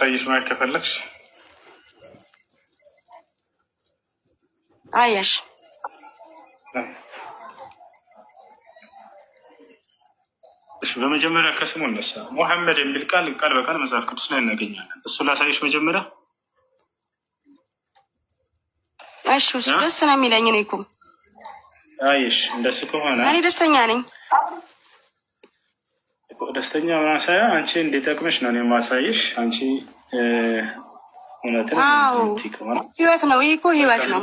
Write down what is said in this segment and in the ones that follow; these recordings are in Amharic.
ታይሽ ማየት ከፈለግሽ አያሽ እሺ፣ በመጀመሪያ ከስሙ እነሳ ሙሐመድ የሚል ቃል ቃል በቃል መጽሐፍ ቅዱስ ላይ እናገኛለን። እሱ ላሳይሽ መጀመሪያ። እሺ፣ ደስ ነው የሚለኝ እኔ እኮ አይሽ፣ እንደሱ ከሆነ እኔ ደስተኛ ነኝ። ደስተኛ ማሳያ አንቺ እንዲጠቅምሽ ነው የማሳይሽ። አንቺ እውነት ህይወት ነው። ይህ እኮ ህይወት ነው።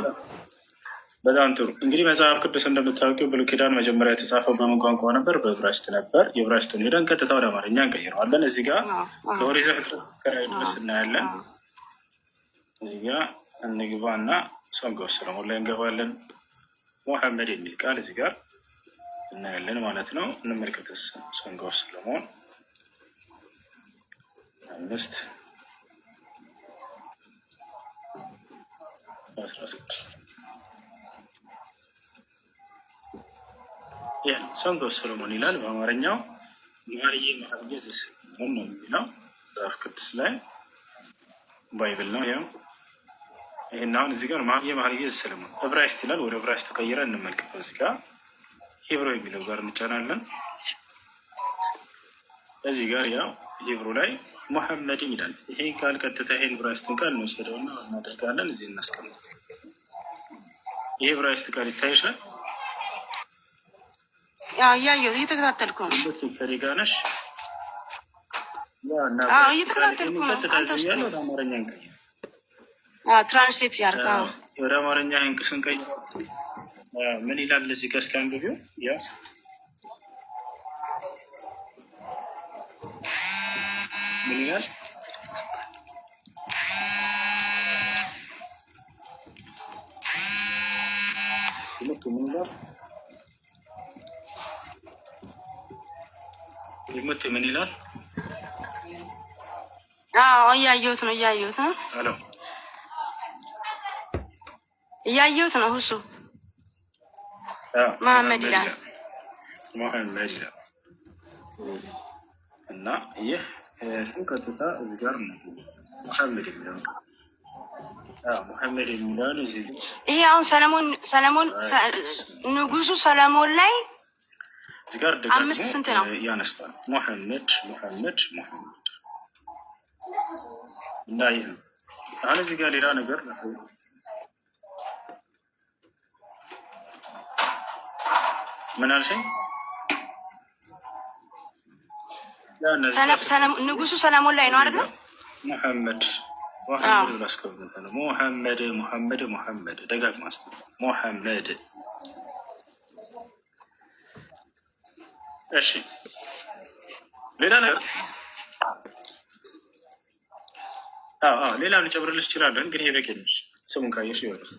በጣም ጥሩ እንግዲህ መጽሐፍ ቅዱስ እንደምታውቂው ብሉይ ኪዳን መጀመሪያ የተጻፈው በምን ቋንቋ ነበር? በዕብራይስጥ ነበር። የዕብራይስጡን ሄደን ቀጥታ ወደ አማርኛ እንቀይረዋለን። እዚህ ጋር ከኦሪት ዘፍጥረት ድረስ እናያለን። እዚህ ጋ እንግባ እና ሰንጎር ስለሞላ እንገባለን። ሙሐመድ የሚል ቃል እዚህ ጋር እናያለን ማለት ነው። እንመልከት ሰንጋ ውስጥ ለመሆን አምስት ሰንጋ ውስጥ ሰሎሞን ይላል በአማርኛው ማርዬ ማርጌዝ ነው የሚለው መጽሐፍ ቅዱስ ላይ ባይብል ነው። ያው ይህን አሁን እዚህ ጋር ማርዬ ማርጌዝ ሰሎሞን እብራይስት ይላል። ወደ እብራይስቱ ቀይረ እንመልከተው እዚህ ጋር ሂብሮ የሚለው ጋር እንጫናለን። እዚህ ጋር ያው ሂብሮ ላይ ሙሐመድን ይላል። ይሄ ቃል ቀጥታ ይሄ ዕብራይስጥን ቃል እንወስደውና እናደርጋለን እዚህ እናስቀምጥ። ይሄ ዕብራይስጥ ቃል ይታይሻል? እያየሁ እየተከታተልኩ ነው። ከሌጋ ነሽ? እየተከታተልኩ ነው። ወደ አማርኛ እንቀይር። ትራንስሌት ያርጋ ወደ አማርኛ እንቅስንቀይ ምን ይላል እዚህ ጋር እስኪያንብቡ ያስ ምን ይላል? ይመቱ ምን ይላል? አዎ እያየሁት ነው፣ እያየሁት ነው፣ እያየሁት ነው ሁሱ መሀመድላል መሀመድላል እና ይህ ስም ቀጥታ እዚህ ጋር ነው ሙሐመድ የሚለውን ሙሐመድ የሚለውን እዚህ ይሄ አሁን ሰለሞን ሰለሞን ንጉሱ ሰለሞን ላይ እዚህ ጋር ደግሞ አምስት ስንት ነው ያነስቷል። ሙሐመድ ሙሐመድ ሙሐመድ እና ይህ አሁን እዚህ ጋር ሌላ ነገር ምን አልሽኝ? ንጉሱ ሰለሞን ላይ ነው አይደለ? ሙሐመድ ሙሐመድ ነው። ሙሐመድ ሙሐመድ ሙሐመድ ደጋግማ ሙሐመድ። እሺ ሌላ ነገር ሌላም ልጨምርልሽ እችላለሁ፣ ግን ይበቂ ስሙን ካየሽ ይሆናል።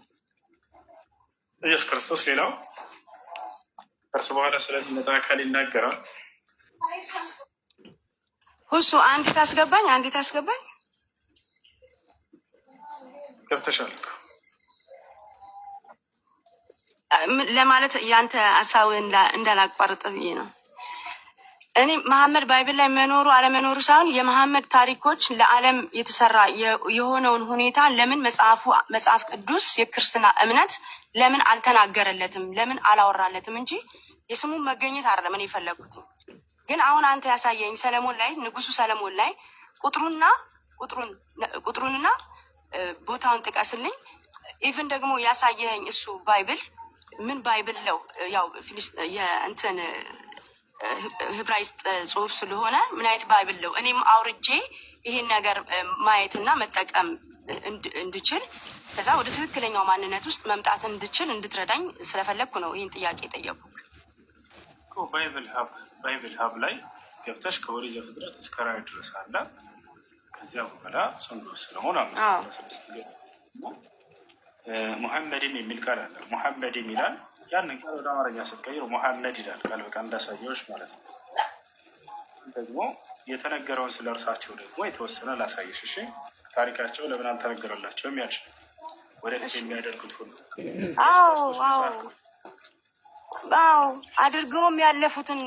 ኢየሱስ ክርስቶስ ሌላው ከእርሱ በኋላ ስለሚመጣ አካል ይናገራል። ሁሱ አንዲት አስገባኝ፣ አንዲት አስገባኝ። ገብተሻል ለማለት ያንተ ሀሳብ እንዳላቋርጥ ብዬ ነው። እኔ መሐመድ ባይብል ላይ መኖሩ አለመኖሩ ሳይሆን የመሐመድ ታሪኮች ለዓለም የተሰራ የሆነውን ሁኔታ ለምን መጽሐፉ መጽሐፍ ቅዱስ የክርስትና እምነት ለምን አልተናገረለትም? ለምን አላወራለትም? እንጂ የስሙን መገኘት አይደለም እኔ የፈለጉት። ግን አሁን አንተ ያሳየኝ ሰለሞን ላይ ንጉሱ ሰለሞን ላይ ቁጥሩና ቁጥሩንና ቦታውን ጥቀስልኝ። ኢቭን ደግሞ ያሳየኝ እሱ ባይብል ምን ባይብል ለው ያው የእንትን ህብራይስጥ ጽሁፍ ስለሆነ ምን አይነት ባይብል ለው እኔም አውርጄ ይህን ነገር ማየትና መጠቀም እንድችል ከዛ ወደ ትክክለኛው ማንነት ውስጥ መምጣት እንድችል እንድትረዳኝ ስለፈለግኩ ነው ይህን ጥያቄ የጠየቁት። ባይብል ሀብ ባይብል ሀብ ላይ ገብተሽ ከኦሪት ዘፍጥረት እስከ ራዕይ ድረስ አለ። ከዚያ በኋላ ሰንዶ ስለሆን ስድስት ገ ሙሐመድን የሚል ቃል አለ። ሙሐመድ ይላል። ያንን ቃል ወደ አማርኛ ስትቀይሩ ሙሐመድ ይላል። ቃል በቃ እንዳሳየዎች ማለት ነው። ደግሞ የተነገረውን ስለ እርሳቸው ደግሞ የተወሰነ ላሳየሽ። እሺ ታሪካቸው ለምን አልተነገረላቸውም ያልሽ ወደፊት የሚያደርጉት ሁሉ አዎ አድርገውም ያለፉትን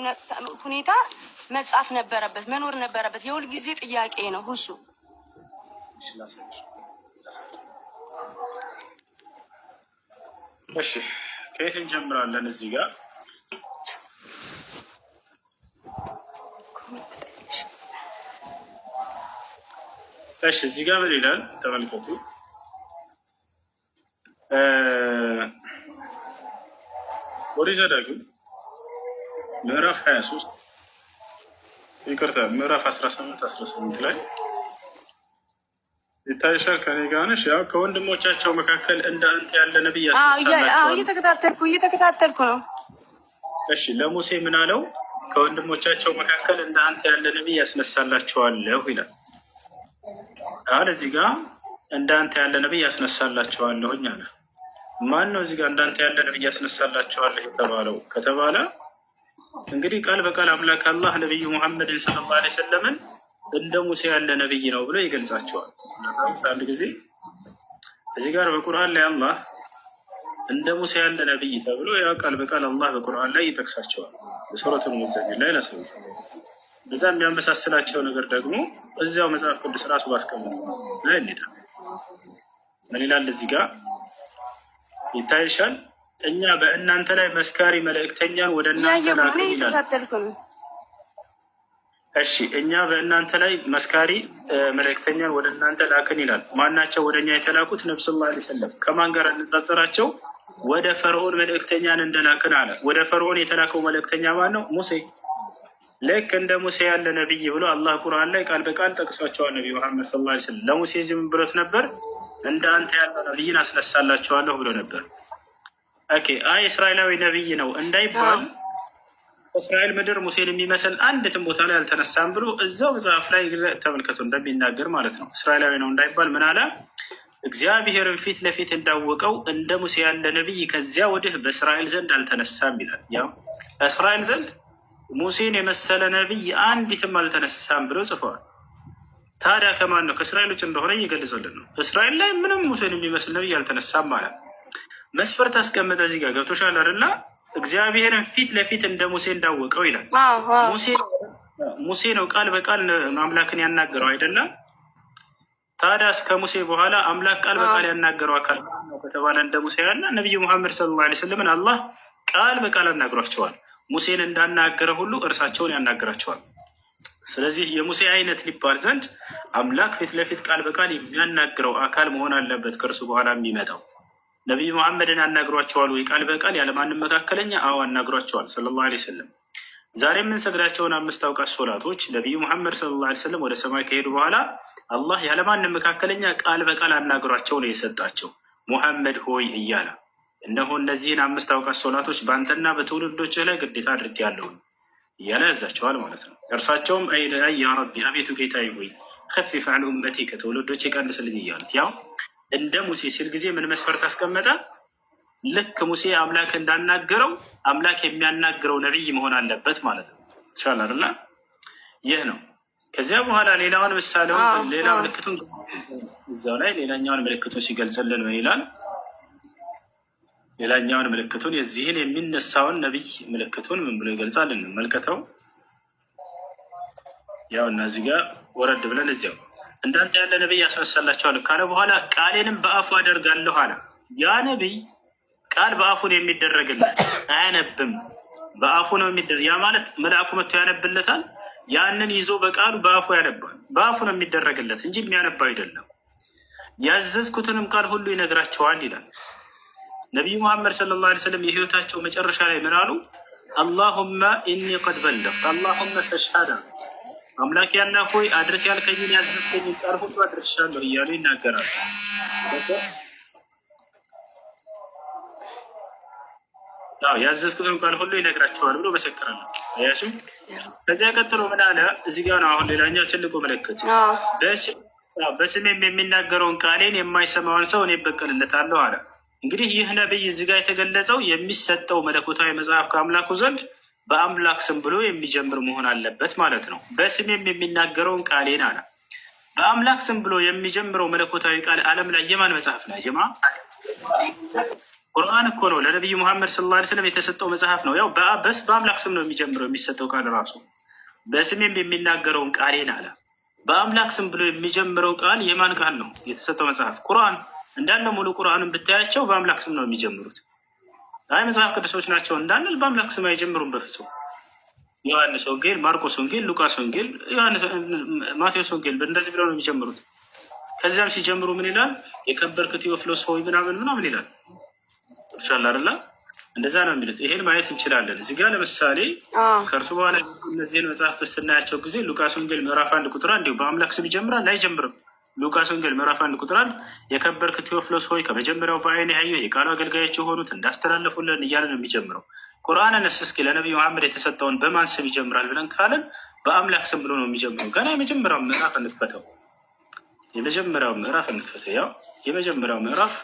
ሁኔታ መጻፍ ነበረበት፣ መኖር ነበረበት። የሁል ጊዜ ጥያቄ ነው ሁሱ እሺ ከየት እንጀምራለን? እዚህ ጋር እሺ፣ እዚህ ጋር ምን ይላል ተመልከቱ። ኦሪት ዘዳግም ምዕራፍ 23 ይቅርታ፣ ምዕራፍ 18 18 ላይ ይታይሻል ከኔ ጋር ነሽ። ያው ከወንድሞቻቸው መካከል እንደ አንተ ያለ ነብይ እየተከታተልኩ እየተከታተልኩ ነው። እሺ ለሙሴ ምን አለው? ከወንድሞቻቸው መካከል እንደ አንተ ያለ ነብይ ያስነሳላቸዋለሁ ይላል። አሁን እዚህ ጋር እንደ አንተ ያለ ነብይ ያስነሳላቸዋለሁኝ አለ። ማን ነው እዚህ ጋር እንዳንተ ያለን ነብይ ያስነሳላቸዋለህ የተባለው ከተባለ እንግዲህ ቃል በቃል አምላክ አላህ ነቢዩ ሙሐመድን ሰለላሁ ዐለይሂ ወሰለምን እንደ ሙሴ ያለ ነብይ ነው ብሎ ይገልጻቸዋል። አንድ ጊዜ እዚህ ጋር በቁርአን ላይ አላህ እንደ ሙሴ ያለ ነብይ ተብሎ ያ ቃል በቃል አላህ በቁርአን ላይ ይጠቅሳቸዋል። በሱረቱ ሙዘሚል ላይ ላስ በዛ የሚያመሳስላቸው ነገር ደግሞ እዚያው መጽሐፍ ቅዱስ ራሱ ባስቀምጠው ላይ እንሄዳል። ምን ይላል እዚህ ጋር ይታይሻል። እኛ በእናንተ ላይ መስካሪ መልእክተኛን ወደ እናንተ ላክን። እሺ እኛ በእናንተ ላይ መስካሪ መልእክተኛን ወደ እናንተ ላክን ይላል። ማናቸው ወደ እኛ የተላኩት? ነብስ ላ ሰለም ከማን ጋር እንጻጽራቸው? ወደ ፈርዖን መልእክተኛን እንደላክን አለ። ወደ ፈርዖን የተላከው መልእክተኛ ማን ነው? ሙሴ ልክ እንደ ሙሴ ያለ ነቢይ ብሎ አላህ ቁርአን ላይ ቃል በቃል ጠቅሷቸዋል። ነቢ መሐመድ ስ ላ ስለም ለሙሴ ዝም ብሎት ነበር፣ እንደ አንተ ያለ ነቢይን አስነሳላቸዋለሁ ብሎ ነበር። ኦኬ አይ እስራኤላዊ ነቢይ ነው እንዳይባል እስራኤል ምድር ሙሴን የሚመስል አንዲትም ቦታ ላይ አልተነሳም ብሎ እዛው መጽሐፍ ላይ ተመልከቱ እንደሚናገር ማለት ነው። እስራኤላዊ ነው እንዳይባል ምን አለ? እግዚአብሔርን ፊት ለፊት እንዳወቀው እንደ ሙሴ ያለ ነቢይ ከዚያ ወዲህ በእስራኤል ዘንድ አልተነሳም ይላል። ያው እስራኤል ዘንድ ሙሴን የመሰለ ነቢይ አንዲትም አልተነሳም ብለው ጽፈዋል። ታዲያ ከማን ነው? ከእስራኤሎች እንደሆነ እየገለጸልን ነው። እስራኤል ላይ ምንም ሙሴን የሚመስል ነቢይ አልተነሳም ማለት መስፈርት አስቀመጠ። እዚህ ጋር ገብቶሻል አይደል? እግዚአብሔርን ፊት ለፊት እንደ ሙሴ እንዳወቀው ይላል። ሙሴ ነው ቃል በቃል አምላክን ያናገረው አይደለም። ታዲያ ከሙሴ በኋላ አምላክ ቃል በቃል ያናገረው አካል ከተባለ እንደ ሙሴ ያለ ነቢዩ ሙሐመድ ሰለላሁ ዓለይሂ ወሰለምን አላህ ቃል በቃል አናግሯቸዋል። ሙሴን እንዳናገረ ሁሉ እርሳቸውን ያናግራቸዋል። ስለዚህ የሙሴ አይነት ሊባል ዘንድ አምላክ ፊት ለፊት ቃል በቃል የሚያናግረው አካል መሆን አለበት። ከእርሱ በኋላ የሚመጣው ነቢይ መሐመድን ያናግሯቸዋል ወይ? ቃል በቃል ያለማንም መካከለኛ? አዎ አናግሯቸዋል ሰለላሁ ዐለይሂ ወሰለም። ዛሬ የምንሰግዳቸውን አምስት አውቃት ሶላቶች ነቢዩ መሐመድ ሰለላሁ ዐለይሂ ወሰለም ወደ ሰማይ ከሄዱ በኋላ አላህ ያለማንም መካከለኛ ቃል በቃል አናግሯቸው ነው የሰጣቸው ሙሐመድ ሆይ እያለ እነሆ እነዚህን አምስት አውቃት ሶላቶች በአንተና በትውልዶች ላይ ግዴታ አድርጌያለሁ እያለ ያዛቸዋል ማለት ነው። እርሳቸውም አይ ያ ረቢ አቤቱ ጌታዬ ሆይ ከፊፍ አን ኡመቲ ከትውልዶች ይቀንስልኝ እያሉት፣ ያው እንደ ሙሴ ሲል ጊዜ ምን መስፈርት አስቀመጠ? ልክ ሙሴ አምላክ እንዳናገረው አምላክ የሚያናግረው ነቢይ መሆን አለበት ማለት ነው። ይቻላል አይደል? ይህ ነው። ከዚያ በኋላ ሌላውን ምሳሌውን ሌላ ምልክቱን እዛው ላይ ሌላኛውን ምልክቱን ሲገልጽልን ምን ይላል? ሌላኛውን ምልክቱን የዚህን የሚነሳውን ነቢይ ምልክቱን ምን ብሎ ይገልጻል? እንመልከተው። ያው እና እዚህ ጋር ወረድ ብለን እዚያው እንዳንተ ያለ ነቢይ ያስነሳላቸዋል ካለ በኋላ ቃሌንም በአፉ አደርጋለሁ አለ። ያ ነቢይ ቃል በአፉን የሚደረግለት አያነብም፣ በአፉ ነው የሚደረግ። ያ ማለት መልአኩ መጥቶ ያነብለታል። ያንን ይዞ በቃሉ በአፉ ያነባል። በአፉ ነው የሚደረግለት እንጂ የሚያነባው አይደለም። ያዘዝኩትንም ቃል ሁሉ ይነግራቸዋል ይላል ነቢዩ ሙሐመድ ሰለላሁ ዐለይሂ ወሰለም የህይወታቸው መጨረሻ ላይ ምን አሉ? አላሁመ ኢኒ ቀድ በለግት አላሁመ ፈሽሃዳ አምላክ ያና ሆይ አድረስ ያልከኝን ያዘዝከኝን ቃል ሁሉ አድርሻለሁ እያሉ ይናገራሉ። ያዘዝኩትን ቃል ሁሉ ይነግራቸዋል ብሎ መሰከራል። አያችሁ። ከዚያ ቀጥሎ ምን አለ? እዚህ ጋር ነው አሁን ሌላኛው ትልቁ ምልክት በስሜም የሚናገረውን ቃሌን የማይሰማውን ሰው እኔ በቀልለታለሁ አለ። እንግዲህ ይህ ነቢይ እዚህ ጋር የተገለጸው የሚሰጠው መለኮታዊ መጽሐፍ ከአምላኩ ዘንድ በአምላክ ስም ብሎ የሚጀምር መሆን አለበት ማለት ነው። በስሜም የሚናገረውን ቃሌን አለ። በአምላክ ስም ብሎ የሚጀምረው መለኮታዊ ቃል ዓለም ላይ የማን መጽሐፍ ነው? ጀማ ቁርአን እኮ ነው። ለነቢዩ መሐመድ ስለ ላ ስለም የተሰጠው መጽሐፍ ነው። ያው በስ በአምላክ ስም ነው የሚጀምረው የሚሰጠው ቃል ራሱ። በስሜም የሚናገረውን ቃሌን አለ። በአምላክ ስም ብሎ የሚጀምረው ቃል የማን ቃል ነው? የተሰጠው መጽሐፍ ቁርአን እንዳለ ሙሉ ቁርአኑን ብታያቸው በአምላክ ስም ነው የሚጀምሩት። አይ መጽሐፍ ቅዱሶች ናቸው እንዳንል በአምላክ ስም አይጀምሩም በፍጹም። ዮሐንስ ወንጌል፣ ማርቆስ ወንጌል፣ ሉቃስ ወንጌል፣ ማቴዎስ ወንጌል እንደዚህ ብለው ነው የሚጀምሩት። ከዚያም ሲጀምሩ ምን ይላል? የከበርክ ቴዎፍሎስ ሆይ ምናምን ምናምን ይላል። ሻል አይደለ? እንደዛ ነው የሚሉት። ይሄን ማየት እንችላለን። እዚህ ጋር ለምሳሌ ከእርሱ በኋላ እነዚህን መጽሐፍ ስናያቸው ጊዜ ሉቃስ ወንጌል ምዕራፍ አንድ ቁጥር እንዲሁ በአምላክ ስም ይጀምራል አይጀምርም? ሉቃስ ወንጌል ምዕራፍ አንድ ቁጥር አንድ የከበርክ ቴዎፍሎስ ሆይ ከመጀመሪያው በአይን ያየው የቃሉ አገልጋዮች የሆኑት እንዳስተላለፉልን እያለ ነው የሚጀምረው። ቁርአን ነስ እስኪ ለነቢዩ መሐመድ የተሰጠውን በማን ስም ይጀምራል ብለን ካለን በአምላክ ስም ብሎ ነው የሚጀምረው። ገና የመጀመሪያው ምዕራፍ እንክፈተው፣ የመጀመሪያው ምዕራፍ እንክፈተው። ያው የመጀመሪያው ምዕራፍ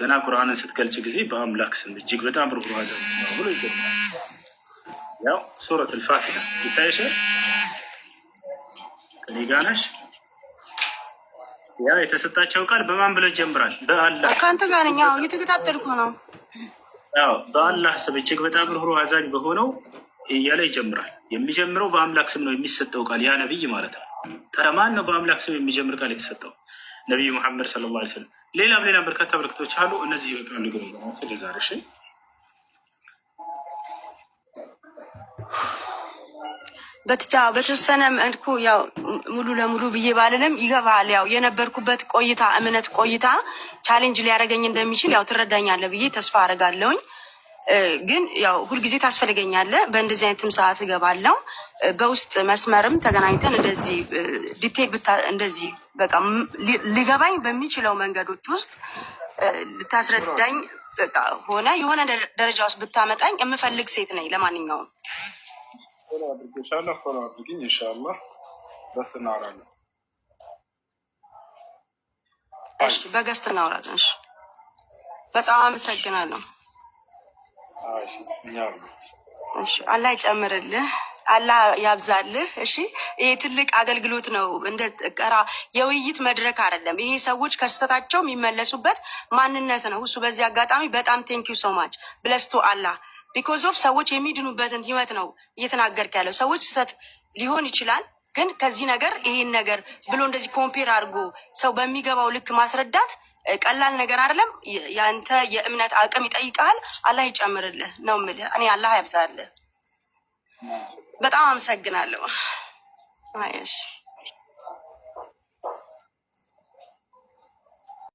ገና ቁርአንን ስትገልጭ ጊዜ በአምላክ ስም እጅግ በጣም ርኅሩህ ነው ብሎ ይጀምራል። ያው ሱረት ልፋቲሃ ይታይሽ ከኔ ጋር ነሽ ያ የተሰጣቸው ቃል በማን ብለው ጀምራል? በአላህ ከአንተ ጋር ነኝ። አዎ እየተከታተልኩ ነው። አዎ በአላህ ስም እጅግ በጣም ርኅሩህ አዛኝ በሆነው እያለ ይጀምራል። የሚጀምረው በአምላክ ስም ነው የሚሰጠው ቃል ያ ነብይ ማለት ነው። ከማን ነው በአምላክ ስም የሚጀምር ቃል የተሰጠው? ነቢይ መሐመድ ሰለላሁ ዐለይሂ ወሰለም። ሌላም ሌላም በርካታ በረከቶች አሉ። እነዚህ ይበቃሉ። ግን ዛሬ በትቻ በተወሰነ መልኩ ያው ሙሉ ለሙሉ ብዬ ባልልም ይገባል። ያው የነበርኩበት ቆይታ እምነት ቆይታ ቻሌንጅ ሊያደርገኝ እንደሚችል ያው ትረዳኛለህ ብዬ ተስፋ አደርጋለሁኝ። ግን ያው ሁልጊዜ ታስፈልገኛለህ። በእንደዚህ አይነትም ሰዓት እገባለሁ። በውስጥ መስመርም ተገናኝተን እንደዚህ ዲቴል እንደዚህ በቃ ሊገባኝ በሚችለው መንገዶች ውስጥ ልታስረዳኝ በቃ ሆነ የሆነ ደረጃ ውስጥ ብታመጣኝ የምፈልግ ሴት ነኝ ለማንኛውም ፎሎ አድርጌሻለሁ። ፎሎ አድርግኝ ኢንሻአላህ በስ እናወራለን። እሺ በገስት እናወራለን። እሺ በጣም አመሰግናለሁ። እሺ አላህ ይጨምርልህ፣ አላህ ያብዛልህ። እሺ ይሄ ትልቅ አገልግሎት ነው። እንደ ቀራ የውይይት መድረክ አይደለም። ይሄ ሰዎች ከስተታቸው የሚመለሱበት ማንነት ነው። እሱ በዚህ አጋጣሚ በጣም ቴንኪው ሰው ማች ብለስቶ አላህ ቢኮዝ ኦፍ ሰዎች የሚድኑበትን ህይወት ነው እየተናገርክ ያለው። ሰዎች ስህተት ሊሆን ይችላል፣ ግን ከዚህ ነገር ይሄን ነገር ብሎ እንደዚህ ኮምፔር አድርጎ ሰው በሚገባው ልክ ማስረዳት ቀላል ነገር አይደለም። ያንተ የእምነት አቅም ይጠይቃል። አላህ ይጨምርልህ ነው የምልህ እኔ። አላህ ያብዛልህ። በጣም አመሰግናለሁ።